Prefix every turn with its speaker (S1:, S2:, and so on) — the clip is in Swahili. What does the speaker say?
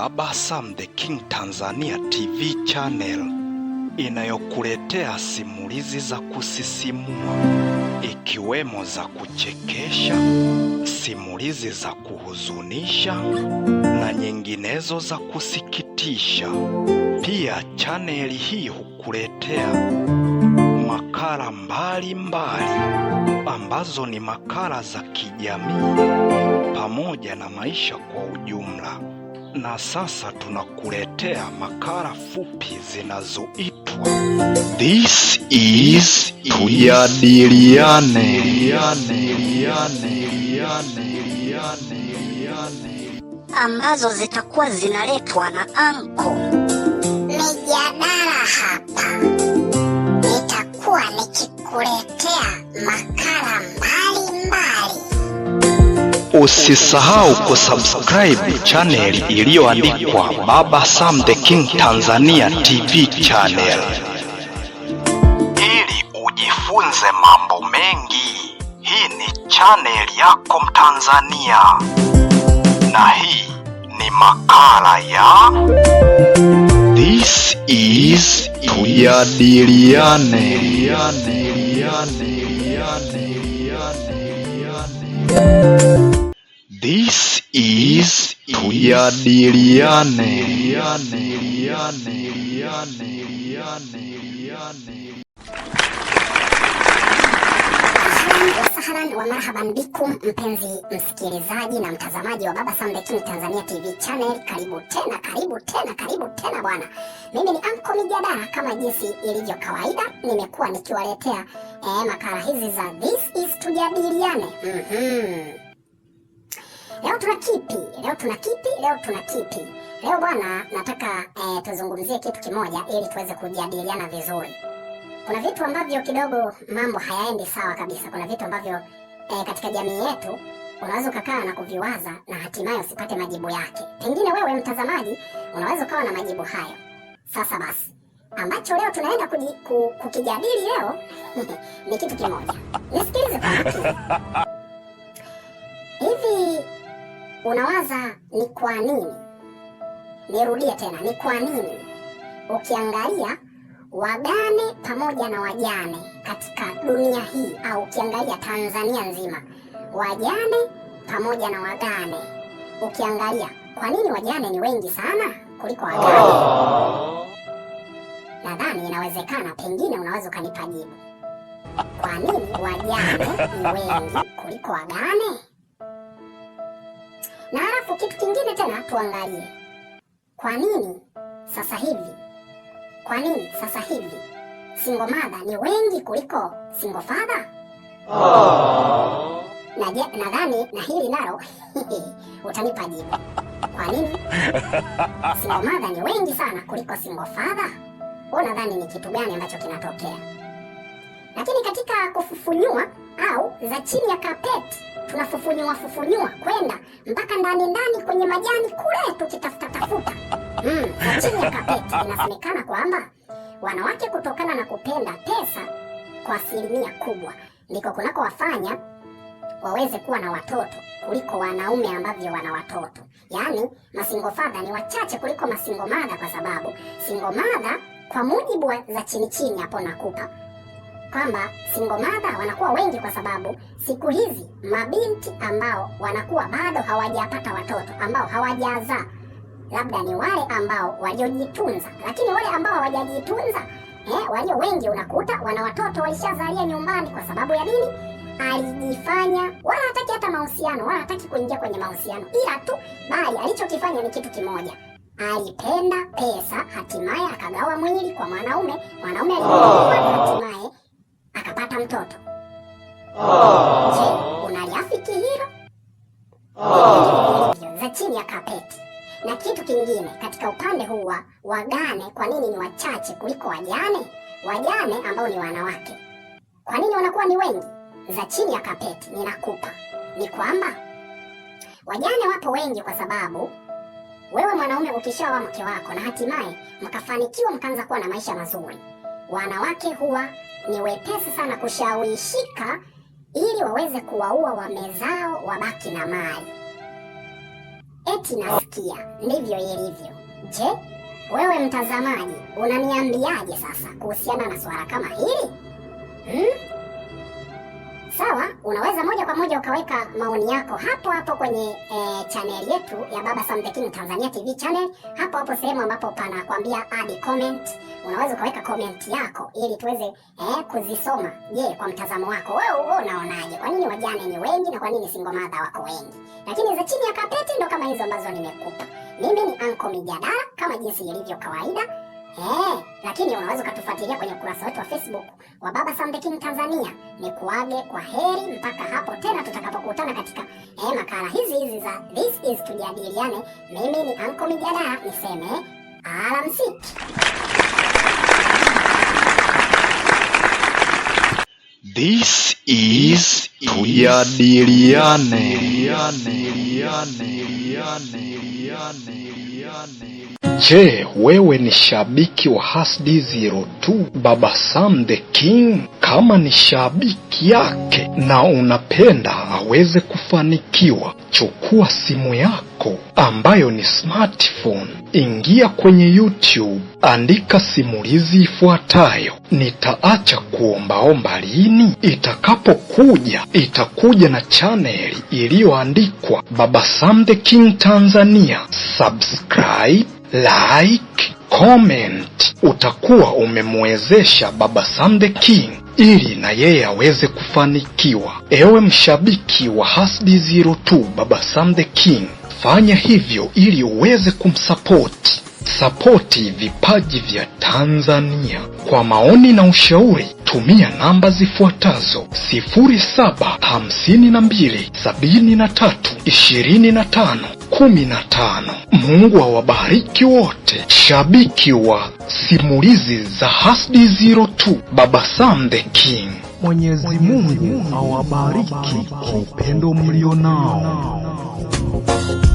S1: Baba Sam the King Tanzania TV channel inayokuletea simulizi za kusisimua ikiwemo za kuchekesha, simulizi za kuhuzunisha na nyinginezo za kusikitisha. Pia chaneli hii hukuletea makala mbalimbali ambazo ni makala za kijamii pamoja na maisha kwa ujumla. Na sasa tunakuletea makala fupi zinazoitwa This is Tujadiliane.
S2: Ambazo zitakuwa zinaletwa na anko. Mijadala hapa nitakuwa nikikuleta
S1: Usisahau kusubscribe channel iliyoandikwa Baba Sam the King Tanzania TV channel ili ujifunze mambo mengi. Hii ni channel yako Mtanzania, na hii ni makala ya This is Tujadiliane. This is Tujadiliane. Ahlan
S2: wa marhaban bikum, mpenzi msikilizaji na mtazamaji wa Baba Sam the King Tanzania TV channel. Karibu tena, karibu tena, karibu tena bwana. Mimi ni Anko Mijadala, kama jinsi ilivyo kawaida, nimekuwa nikiwaletea eh, makala hizi za This is Tujadiliane. mm -hmm. Leo tuna kipi? Leo tuna kipi? Leo tuna kipi? Leo bwana, nataka eh, tuzungumzie kitu kimoja ili tuweze kujadiliana vizuri. Kuna vitu ambavyo kidogo mambo hayaendi sawa kabisa. Kuna vitu ambavyo eh, katika jamii yetu unaweza ukakaa na kuviwaza na hatimaye usipate majibu yake. Pengine wewe mtazamaji unaweza ukawa na majibu hayo. Sasa basi, ambacho leo tunaenda kukijadili leo ni kitu kimoja. Nisikilize kwa makini. Unawaza ni kwa nini? Nirudie tena, ni kwa nini? Ukiangalia wagane pamoja na wajane katika dunia hii, au ukiangalia Tanzania nzima, wajane pamoja na wagane, ukiangalia kwa nini wajane ni wengi sana kuliko wagane? Oh. Nadhani inawezekana, pengine unaweza ukanipa jibu, kwa nini wajane ni wengi kuliko wagane? kitu kingine tena tuangalie, kwa nini sasa hivi, kwa nini sasa hivi single mother ni wengi kuliko single father? Oh. Nadhani na hili nalo utanipa jibu. Kwa nini single mother ni wengi sana kuliko single father? Wewe unadhani ni kitu gani ambacho kinatokea? Lakini katika kufufunyua au za chini ya kapeti tunafufunyua fufunyua kwenda mpaka ndani ndani kwenye majani kule tukitafuta tafuta. Mm, za chini ya kapeti inasemekana kwamba wanawake kutokana na kupenda pesa kwa asilimia kubwa ndiko kunako wafanya waweze kuwa na watoto kuliko wanaume ambavyo wana watoto. Yaani masingo fadha ni wachache kuliko masingo madha, kwa sababu singo madha kwa mujibu wa za chini chini hapo nakupa kwamba single mother wanakuwa wengi kwa sababu siku hizi mabinti ambao wanakuwa bado hawajapata watoto ambao hawajazaa labda ni wale ambao waliojitunza, lakini wale ambao hawajajitunza eh, walio wengi unakuta wana watoto walishazalia nyumbani. Kwa sababu ya nini? Alijifanya wala hataki hata mahusiano wala hataki kuingia kwenye mahusiano, ila tu bali alichokifanya ni kitu kimoja alipenda pesa, hatimaye akagawa mwili kwa mwanaume. Mwanaume alipenda, ah. hatimaye akapata mtoto. Ah. Je, rafiki hilo? Ah. za chini ya kapeti. Na kitu kingine katika upande huu wagane, kwa nini ni wachache kuliko wajane? Wajane ambao ni wanawake, kwa nini wanakuwa ni wengi? Za chini ya kapeti ninakupa ni kwamba wajane wapo wengi kwa sababu wewe mwanaume ukishaoa mke wako na hatimaye mkafanikiwa mkaanza kuwa na maisha mazuri wanawake huwa ni wepesi sana kushawishika ili waweze kuwaua wamezao wabaki na mali. Eti nasikia ndivyo ilivyo. Je, wewe mtazamaji unaniambiaje sasa kuhusiana na swala kama hili hmm? Sawa, unaweza moja kwa moja ukaweka maoni yako hapo hapo kwenye e, eh, chaneli yetu ya Baba Sam The King Tanzania TV channel, hapo hapo sehemu ambapo panakwambia add comment unaweza ukaweka komenti yako ili tuweze eh, kuzisoma. Je, kwa mtazamo wako wewe wewe unaonaje? Kwa nini wajane ni wengi na kwa nini single mother wako wengi? Lakini za chini ya kapeti ndo kama hizo ambazo nimekupa. Mimi ni Anko Mijadala kama jinsi ilivyo kawaida. Eh, lakini unaweza ukatufuatilia kwenye ukurasa wetu wa Facebook wa Baba Sam the King Tanzania. Ni kuage kwa heri mpaka hapo tena tutakapokutana katika eh, makala hizi hizi za This is Tujadiliane. Mimi ni Anko Mijadala niseme alamsiki.
S1: This is Tujadiliane. Je, wewe ni shabiki wa hasd 02 Baba Sam the King? Kama ni shabiki yake na unapenda aweze kufanikiwa, chukua simu yako yako ambayo ni smartphone. Ingia kwenye YouTube, andika simulizi ifuatayo, nitaacha kuombaomba lini. Itakapokuja itakuja na chaneli iliyoandikwa Baba Sam the King Tanzania. Subscribe, like, comment. Utakuwa umemwezesha Baba Sam the King ili na yeye aweze kufanikiwa. Ewe mshabiki wa Hasdi02 Baba Sam the King, Fanya hivyo ili uweze kumsapoti sapoti vipaji vya Tanzania. Kwa maoni na ushauri tumia namba zifuatazo: 752732515 Mungu awabariki wote. Shabiki wa simulizi za Hasdi 02, Baba Sam the King. Mwenyezi Mungu awabariki kwa upendo mlionao.